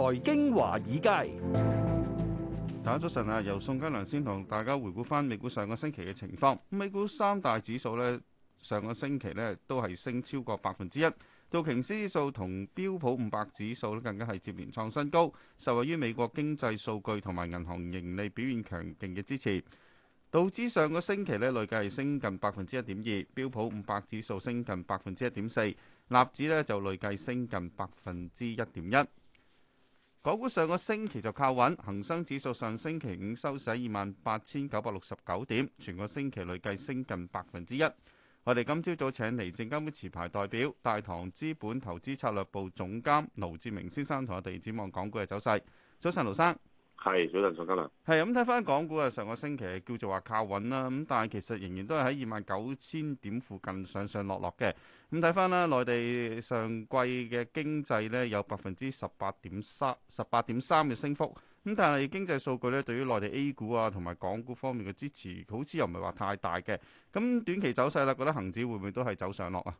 財經華爾街，大家早晨啊！由宋嘉良先同大家回顧翻美股上個星期嘅情況。美股三大指數呢，上個星期呢都係升超過百分之一。道瓊斯指數同標普五百指數呢，更加係接連創新高，受惠於美國經濟數據同埋銀行盈利表現強勁嘅支持，道指上個星期呢，累計係升近百分之一點二，標普五百指數升近百分之一點四，納指呢，就累計升近百分之一點一。港股上個星期就靠穩，恒生指數上星期五收市二萬八千九百六十九點，全個星期累計升近百分之一。我哋今朝早請嚟證監會持牌代表、大堂資本投資策略部總監盧志明先生同我哋展望港股嘅走勢。早晨，盧生。係，早晨，宋嘉良。係咁睇翻港股啊，上個星期叫做話靠穩啦，咁但係其實仍然都係喺二萬九千點附近上上落落嘅。咁睇翻啦，內地上季嘅經濟咧有百分之十八點三十八點三嘅升幅，咁但係經濟數據咧對於內地 A 股啊同埋港股方面嘅支持，好似又唔係話太大嘅。咁短期走勢啦，覺得恒指會唔會都係走上落啊？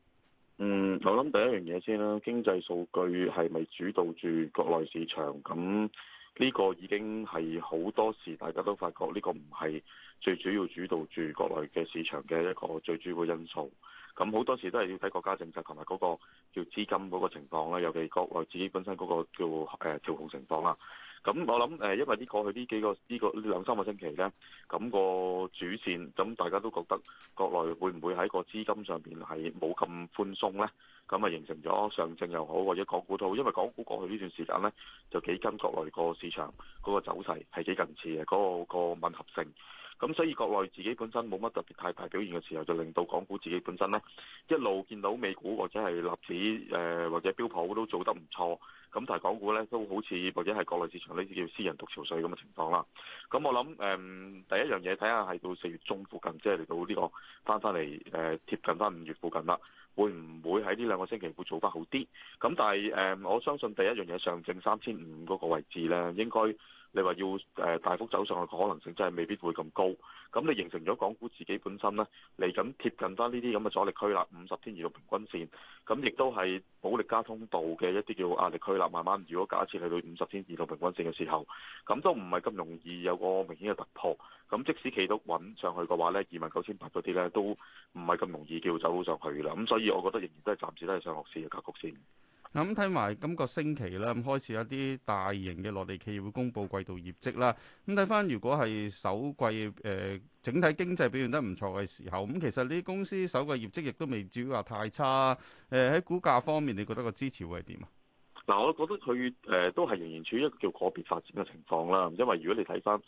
嗯，我諗第一樣嘢先啦，經濟數據係咪主導住國內市場咁？呢個已經係好多時，大家都發覺呢個唔係最主要主導住國內嘅市場嘅一個最主要因素。咁好多時都係要睇國家政策同埋嗰個叫資金嗰個情況啦，尤其國內自己本身嗰個叫誒、呃、調控情況啦。咁我諗誒，因為呢過去呢幾個呢、這個兩三個星期呢，咁、那個主線，咁大家都覺得國內會唔會喺個資金上邊係冇咁寬鬆呢？咁啊形成咗上證又好，或者港股都好，因為港股過去呢段時間呢，就幾跟國內個市場嗰、那個走勢係幾近似嘅，嗰、那個、那個吻合性。咁所以國內自己本身冇乜特別太大表現嘅時候，就令到港股自己本身咧一路見到美股或者係納指誒，或者標普都做得唔錯，咁但係港股咧都好似或者係國內市場呢啲叫私人獨潮水咁嘅情況啦。咁我諗誒第一樣嘢睇下係到四月中附近，即係嚟到呢個翻翻嚟誒貼近翻五月附近啦，會唔會喺呢兩個星期會做得好啲？咁但係誒我相信第一樣嘢上證三千五嗰個位置咧應該。你話要誒大幅走上去嘅可能性真係未必會咁高，咁你形成咗港股自己本身呢，嚟緊貼近翻呢啲咁嘅阻力區啦，五十天移動平均線，咁亦都係保力加通道嘅一啲叫壓力區啦。慢慢如果假設去到五十天移動平均線嘅時候，咁都唔係咁容易有個明顯嘅突破。咁即使企到穩上去嘅話29，呢二萬九千八嗰啲呢都唔係咁容易叫走上去嘅啦。咁所以我覺得仍然都係暫時都係上落市嘅格局先。咁睇埋今個星期啦，咁開始一啲大型嘅內地企業會公布季度業績啦。咁睇翻，如果係首季誒、呃、整體經濟表現得唔錯嘅時候，咁其實呢啲公司首季業績亦都未至於話太差。誒、呃、喺股價方面，你覺得個支持會係點啊？嗱、呃，我覺得佢誒、呃、都係仍然處於一個叫個別發展嘅情況啦。因為如果你睇翻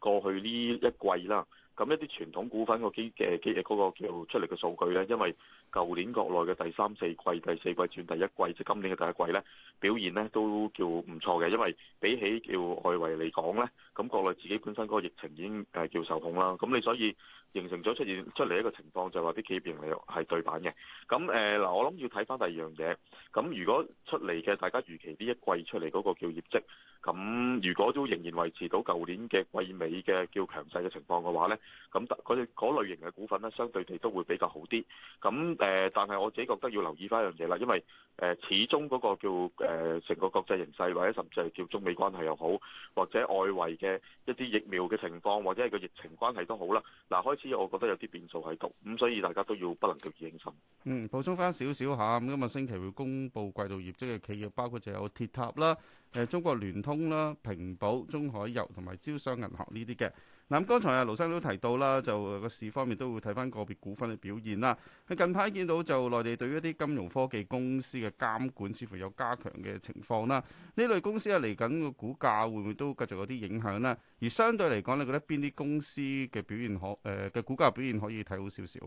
過去呢一季啦，咁一啲傳統股份個基誒、呃、基嗰、呃嗰個叫出嚟嘅數據咧，因為舊年國內嘅第三四季，第四季轉第一季，即係今年嘅第一季咧，表現咧都叫唔錯嘅，因為比起叫外圍嚟講咧，咁國內自己本身嗰個疫情已經誒叫受控啦。咁你所以形成咗出現出嚟一個情況，就係話啲企業盈利係對版嘅。咁誒嗱，我諗要睇返第二樣嘢。咁如果出嚟嘅大家預期呢一季出嚟嗰個叫業績，咁如果都仍然維持到舊年嘅季尾嘅叫強勢嘅情況嘅話咧，咁嗰隻嗰類型嘅股份咧，相對地都會比較好啲。咁誒、呃，但係我自己覺得要留意翻一樣嘢啦，因為誒、呃、始終嗰個叫誒成、呃、個國際形勢，或者甚至係叫中美關係又好，或者外圍嘅一啲疫苗嘅情況，或者係個疫情關係都好啦。嗱、呃，開始我覺得有啲變數喺度，咁所以大家都要不能掉以輕心。嗯，補充翻少少吓，咁今日星期會公布季度業績嘅企業，包括就有鐵塔啦、誒、呃、中國聯通啦、平保、中海油同埋招商銀行呢啲嘅。嗱，咁剛才啊，盧生都提到啦，就個市方面都會睇翻個別股份嘅表現啦。佢近排見到就內地對於一啲金融科技公司嘅監管似乎有加強嘅情況啦。呢類公司啊，嚟緊個股價會唔會都繼續有啲影響咧？而相對嚟講，你覺得邊啲公司嘅表現可誒嘅股價表現可以睇好少少？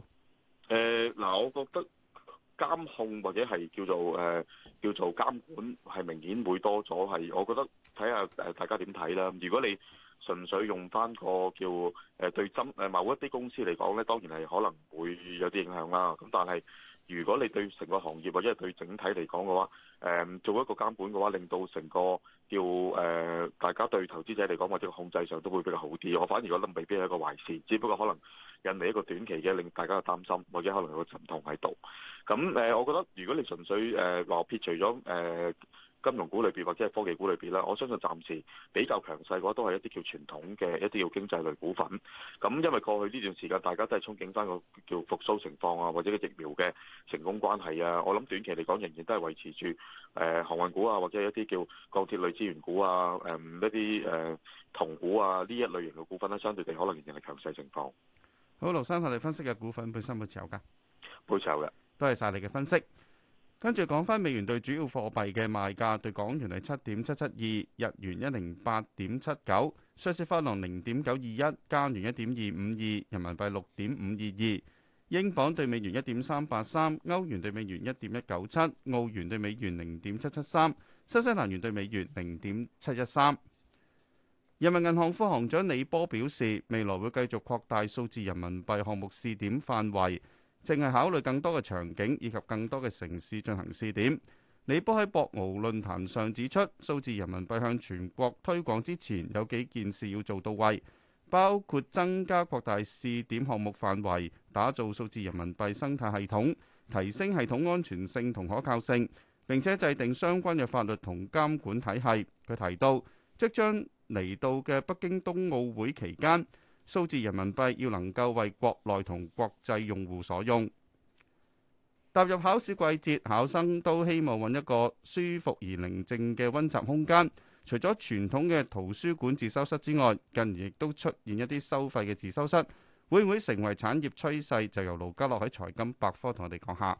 誒嗱，我覺得監控或者係叫做誒叫做監管係明顯會多咗。係，我覺得睇下誒大家點睇啦。如果你純粹用返個叫誒對針誒某一啲公司嚟講咧，當然係可能會有啲影響啦。咁但係如果你對成個行業或者係對整體嚟講嘅話，誒、嗯、做一個監管嘅話，令到成個叫誒、呃、大家對投資者嚟講或者個控制上都會比較好啲。我反而覺得未必係一個壞事，只不過可能引嚟一個短期嘅令大家嘅擔心，或者可能有個陣痛喺度。咁誒、呃，我覺得如果你純粹誒話、呃、撇除咗誒。呃金融股裏邊或者係科技股裏邊咧，我相信暫時比較強勢嘅話都係一啲叫傳統嘅一啲叫經濟類股份。咁因為過去呢段時間大家都係憧憬翻個叫復甦情況啊，或者個疫苗嘅成功關係啊，我諗短期嚟講仍然都係維持住誒航運股啊，或者一啲叫鋼鐵類資源股啊，誒、嗯、一啲誒銅股啊呢一類型嘅股份咧，相對地可能仍然係強勢情況。好，劉生替你分析嘅股份，本身會持有噶，會持有嘅，多謝晒你嘅分析。跟住講翻美元對主要貨幣嘅賣價，對港元係七點七七二，日元一零八點七九，瑞士法郎零點九二一，加元一點二五二，人民幣六點五二二，英鎊對美元一點三八三，歐元對美元一點一九七，澳元對美元零點七七三，新西蘭元對美元零點七一三。人民銀行副行長李波表示，未來會繼續擴大數字人民幣項目試點範圍。淨係考慮更多嘅場景以及更多嘅城市進行試點。李波喺博鰲論壇上指出，數字人民幣向全國推廣之前，有幾件事要做到位，包括增加擴大試點項目範圍、打造數字人民幣生態系統、提升系統安全性同可靠性，並且制定相關嘅法律同監管體系。佢提到，即將嚟到嘅北京冬奧會期間，數字人民幣要能夠為國內同國際用戶所用。踏入考試季節，考生都希望揾一個舒服而寧靜嘅溫習空間。除咗傳統嘅圖書館自修室之外，近年亦都出現一啲收費嘅自修室。會唔會成為產業趨勢？就由盧家樂喺財金百科同我哋講下。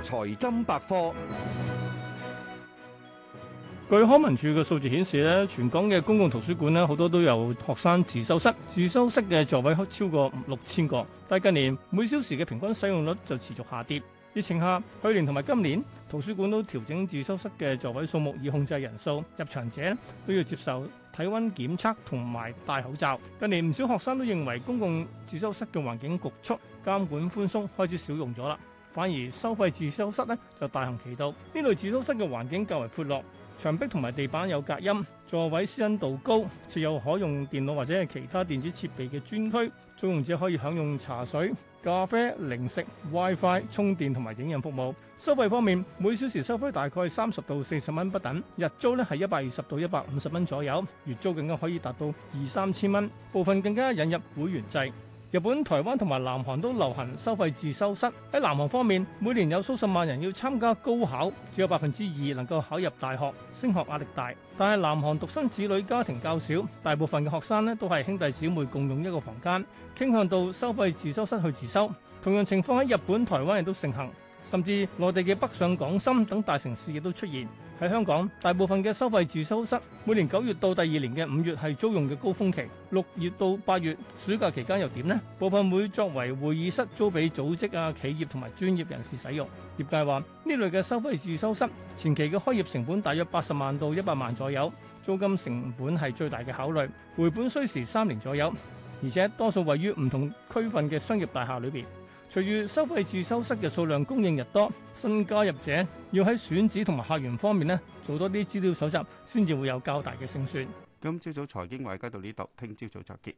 財金百科。據康文署嘅數字顯示咧，全港嘅公共圖書館咧好多都有學生自修室，自修室嘅座位超過六千個，但係近年每小時嘅平均使用率就持續下跌。疫情下，去年同埋今年圖書館都調整自修室嘅座位數目，以控制人數。入場者都要接受體温檢測同埋戴口罩。近年唔少學生都認為公共自修室嘅環境局促、監管寬鬆，開始少用咗啦。反而收費自修室咧就大行其道。呢類自修室嘅環境較為闊落。牆壁同埋地板有隔音，座位私隱度高，設有可用電腦或者係其他電子設備嘅專區，租用者可以享用茶水、咖啡、零食、WiFi、充電同埋影印服務。收費方面，每小時收費大概三十到四十蚊不等，日租呢係一百二十到一百五十蚊左右，月租更加可以達到二三千蚊，部分更加引入會員制。日本、台灣同埋南韓都流行收費自修室。喺南韓方面，每年有數十萬人要參加高考，只有百分之二能夠考入大學，升學壓力大。但係南韓獨生子女家庭較少，大部分嘅學生呢都係兄弟姊妹共用一個房間，傾向到收費自修室去自修。同樣情況喺日本、台灣亦都盛行，甚至內地嘅北上廣深等大城市亦都出現。喺香港，大部分嘅收費自修室，每年九月到第二年嘅五月係租用嘅高峰期，六月到八月暑假期間又點呢？部分會作為會議室租俾組織啊、企業同埋專業人士使用。業界話呢類嘅收費自修室前期嘅開業成本大約八十萬到一百萬左右，租金成本係最大嘅考慮，回本需時三年左右，而且多數位於唔同區份嘅商業大廈裏邊。隨住收費自修室嘅數量供應日多，新加入者要喺選址同埋客源方面咧做多啲資料搜集，先至會有較大嘅勝算。今朝早財經華爾街到呢度，聽朝早集結。